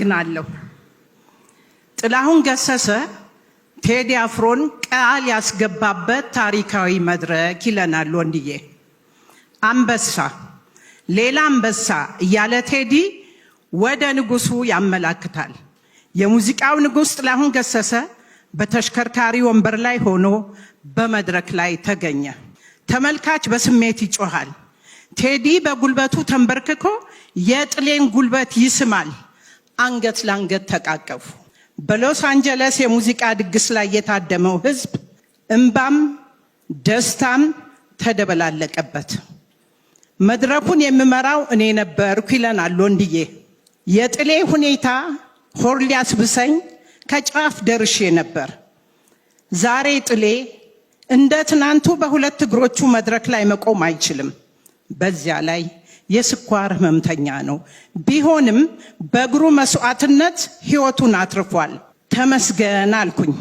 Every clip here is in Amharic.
ግናለሁ ጥላሁን ገሰሰ ቴዲ አፍሮን ቃል ያስገባበት ታሪካዊ መድረክ ይለናል ወንድዬ። አንበሳ ሌላ አንበሳ እያለ ቴዲ ወደ ንጉሱ ያመላክታል። የሙዚቃው ንጉሥ ጥላሁን ገሰሰ በተሽከርካሪ ወንበር ላይ ሆኖ በመድረክ ላይ ተገኘ። ተመልካች በስሜት ይጮሃል። ቴዲ በጉልበቱ ተንበርክኮ የጥሌን ጉልበት ይስማል አንገት ለአንገት ተቃቀፉ። በሎስ አንጀለስ የሙዚቃ ድግስ ላይ የታደመው ህዝብ እምባም ደስታም ተደበላለቀበት። መድረኩን የምመራው እኔ ነበርኩ ይለናል ወንድዬ። የጥሌ ሁኔታ ሆር ሊያስብሰኝ ከጫፍ ደርሼ ነበር። ዛሬ ጥሌ እንደ ትናንቱ በሁለት እግሮቹ መድረክ ላይ መቆም አይችልም። በዚያ ላይ የስኳር ህመምተኛ ነው። ቢሆንም በእግሩ መስዋዕትነት ህይወቱን አትርፏል። ተመስገን አልኩኝ።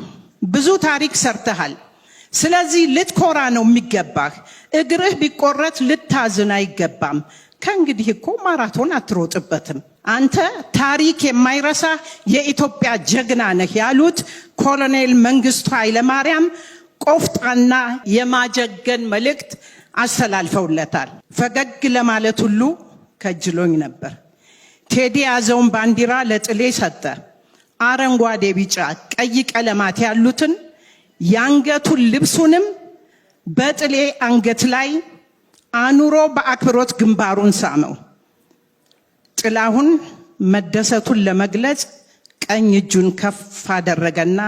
ብዙ ታሪክ ሰርተሃል። ስለዚህ ልትኮራ ነው የሚገባህ። እግርህ ቢቆረጥ ልታዝን አይገባም። ከእንግዲህ እኮ ማራቶን አትሮጥበትም። አንተ ታሪክ የማይረሳ የኢትዮጵያ ጀግና ነህ ያሉት ኮሎኔል መንግስቱ ኃይለማርያም ቆፍጣና የማጀገን መልእክት አስተላልፈውለታል። ፈገግ ለማለት ሁሉ ከጅሎኝ ነበር። ቴዲ የያዘውን ባንዲራ ለጥሌ ሰጠ። አረንጓዴ፣ ቢጫ፣ ቀይ ቀለማት ያሉትን የአንገቱን ልብሱንም በጥሌ አንገት ላይ አኑሮ በአክብሮት ግንባሩን ሳመው። ጥላሁን መደሰቱን ለመግለጽ ቀኝ እጁን ከፍ አደረገና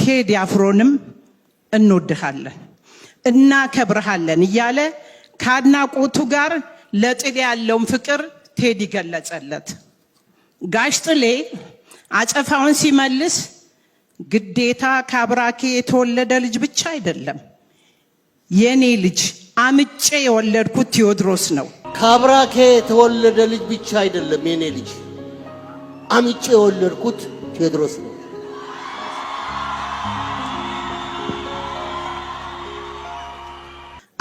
ቴዲ አፍሮንም እንወድሃለን እናከብርሃለን እያለ ከአድናቆቱ ጋር ለጥሌ ያለውን ፍቅር ቴዲ ገለጸለት። ጋሽ ጥሌ አጸፋውን ሲመልስ ግዴታ ከአብራኬ የተወለደ ልጅ ብቻ አይደለም፣ የኔ ልጅ አምጬ የወለድኩት ቴዎድሮስ ነው። ከአብራኬ የተወለደ ልጅ ብቻ አይደለም፣ የኔ ልጅ አምጬ የወለድኩት ቴዎድሮስ ነው።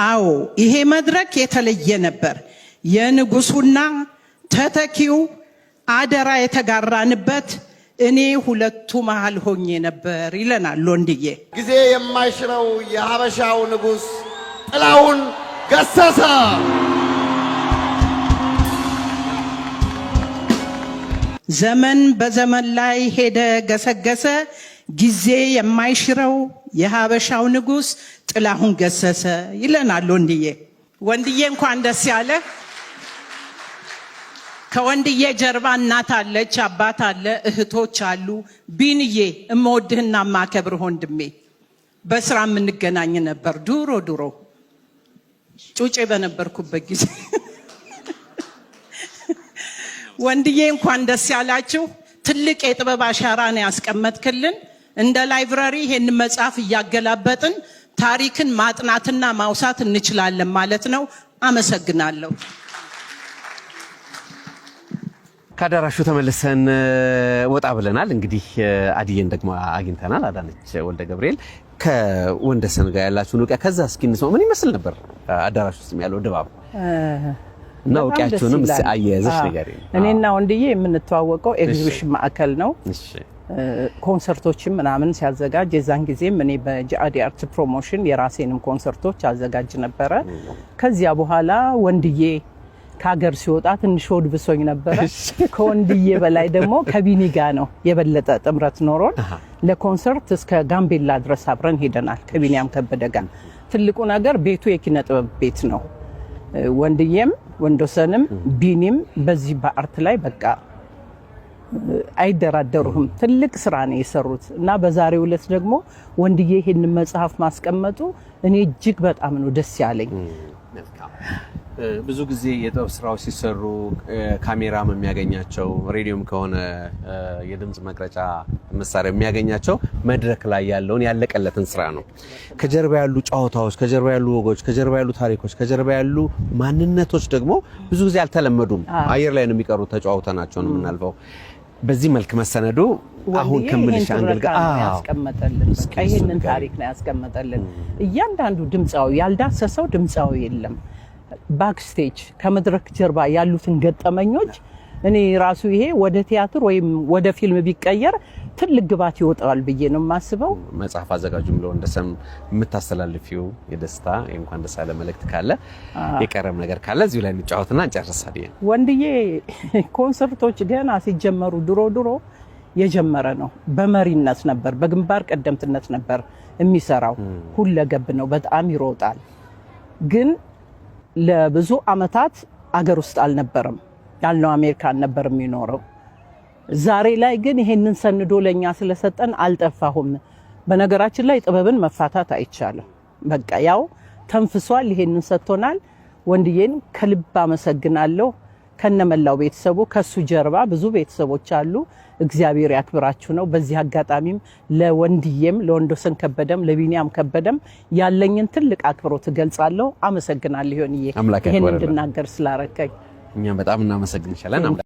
አዎ ይሄ መድረክ የተለየ ነበር። የንጉሱና ተተኪው አደራ የተጋራንበት እኔ ሁለቱ መሃል ሆኜ ነበር ይለናል ሎንድዬ። ጊዜ የማይሽረው የሀበሻው ንጉስ ጥላውን ገሰሰ ዘመን በዘመን ላይ ሄደ ገሰገሰ ጊዜ የማይሽረው የሀበሻው ንጉስ ጥላሁን ገሰሰ ይለናል ወንድዬ። ወንድዬ እንኳን ደስ ያለ። ከወንድዬ ጀርባ እናት አለች፣ አባት አለ፣ እህቶች አሉ። ቢንዬ እመወድህና ማከብር ወንድሜ። በስራ የምንገናኝ ነበር ድሮ ድሮ ጩጬ በነበርኩበት ጊዜ። ወንድዬ እንኳን ደስ ያላችሁ። ትልቅ የጥበብ አሻራ ነው ያስቀመጥክልን። እንደ ላይብራሪ ይሄን መጽሐፍ እያገላበጥን ታሪክን ማጥናትና ማውሳት እንችላለን ማለት ነው። አመሰግናለሁ። ከአዳራሹ ተመልሰን ወጣ ብለናል። እንግዲህ አድየን ደግሞ አግኝተናል። አዳነች ወልደ ገብርኤል ከወንደሰን ጋር ያላችሁን ውቅያ ከዛ እስኪ እንስማ። ምን ይመስል ነበር አዳራሽ ውስጥ ያለው ድባብ እና ውቅያችሁንም አያያዘች ነገር እኔና ወንድዬ የምንተዋወቀው ኤግዚቢሽን ማዕከል ነው ኮንሰርቶችን ምናምን ሲያዘጋጅ የዛን ጊዜም እኔ በጃአዲ አርት ፕሮሞሽን የራሴንም ኮንሰርቶች አዘጋጅ ነበረ። ከዚያ በኋላ ወንድዬ ከሀገር ሲወጣ ትንሽ ሆድ ብሶኝ ነበረ። ከወንድዬ በላይ ደግሞ ከቢኒ ጋ ነው የበለጠ ጥምረት ኖሮን ለኮንሰርት እስከ ጋምቤላ ድረስ አብረን ሄደናል። ከቢኒያም ከበደ ጋ ትልቁ ነገር ቤቱ የኪነ ጥበብ ቤት ነው። ወንድዬም ወንዶሰንም ቢኒም በዚህ በአርት ላይ በቃ አይደራደሩህም። ትልቅ ስራ ነው የሰሩት እና በዛሬው ዕለት ደግሞ ወንድዬ ይህን መጽሐፍ ማስቀመጡ እኔ እጅግ በጣም ነው ደስ ያለኝ። ብዙ ጊዜ የጥበብ ስራዎች ሲሰሩ ካሜራም የሚያገኛቸው ሬዲዮም ከሆነ የድምፅ መቅረጫ መሳሪያ የሚያገኛቸው መድረክ ላይ ያለውን ያለቀለትን ስራ ነው። ከጀርባ ያሉ ጨዋታዎች፣ ከጀርባ ያሉ ወጎች፣ ከጀርባ ያሉ ታሪኮች፣ ከጀርባ ያሉ ማንነቶች ደግሞ ብዙ ጊዜ አልተለመዱም። አየር ላይ ነው የሚቀሩት። ተጫዋውተናቸው ነው የምናልፈው። በዚህ መልክ መሰነዱ አሁን ከምልሽ አንገልጋ ያስቀመጠልን ይህንን ታሪክ ነው ያስቀመጠልን። እያንዳንዱ ድምፃዊ ያልዳሰሰው ድምፃዊ የለም። ባክስቴጅ ከመድረክ ጀርባ ያሉትን ገጠመኞች እኔ ራሱ ይሄ ወደ ቲያትር ወይም ወደ ፊልም ቢቀየር ትልቅ ግባት ይወጣዋል ብዬ ነው የማስበው። መጽሐፍ አዘጋጁ ብለው እንደሰም የምታስተላልፊው የደስታ እንኳን ደስ አለ መልእክት ካለ የቀረም ነገር ካለ እዚሁ ላይ እንጫወትና እንጨርሳል። ወንድዬ ኮንሰርቶች ገና ሲጀመሩ ድሮ ድሮ የጀመረ ነው። በመሪነት ነበር፣ በግንባር ቀደምትነት ነበር የሚሰራው። ሁለገብ ነው፣ በጣም ይሮጣል። ግን ለብዙ አመታት አገር ውስጥ አልነበረም ያልነው አሜሪካ ነበር የሚኖረው ዛሬ ላይ ግን ይሄንን ሰንዶ ለኛ ስለሰጠን አልጠፋሁም። በነገራችን ላይ ጥበብን መፋታት አይቻልም። በቃ ያው ተንፍሷል። ይሄንን ሰጥቶናል። ወንድዬን ከልብ አመሰግናለሁ። ከነመላው ቤተሰቡ ከሱ ጀርባ ብዙ ቤተሰቦች አሉ። እግዚአብሔር ያክብራችሁ ነው። በዚህ አጋጣሚም ለወንድዬም ለወንዶሰን ከበደም ለቢኒያም ከበደም ያለኝን ትልቅ አክብሮት እገልጻለሁ። አመሰግናለሁ። ይሆንዬ ይሄን እንድናገር ስላረከኝ እኛም በጣም እናመሰግንሻለን።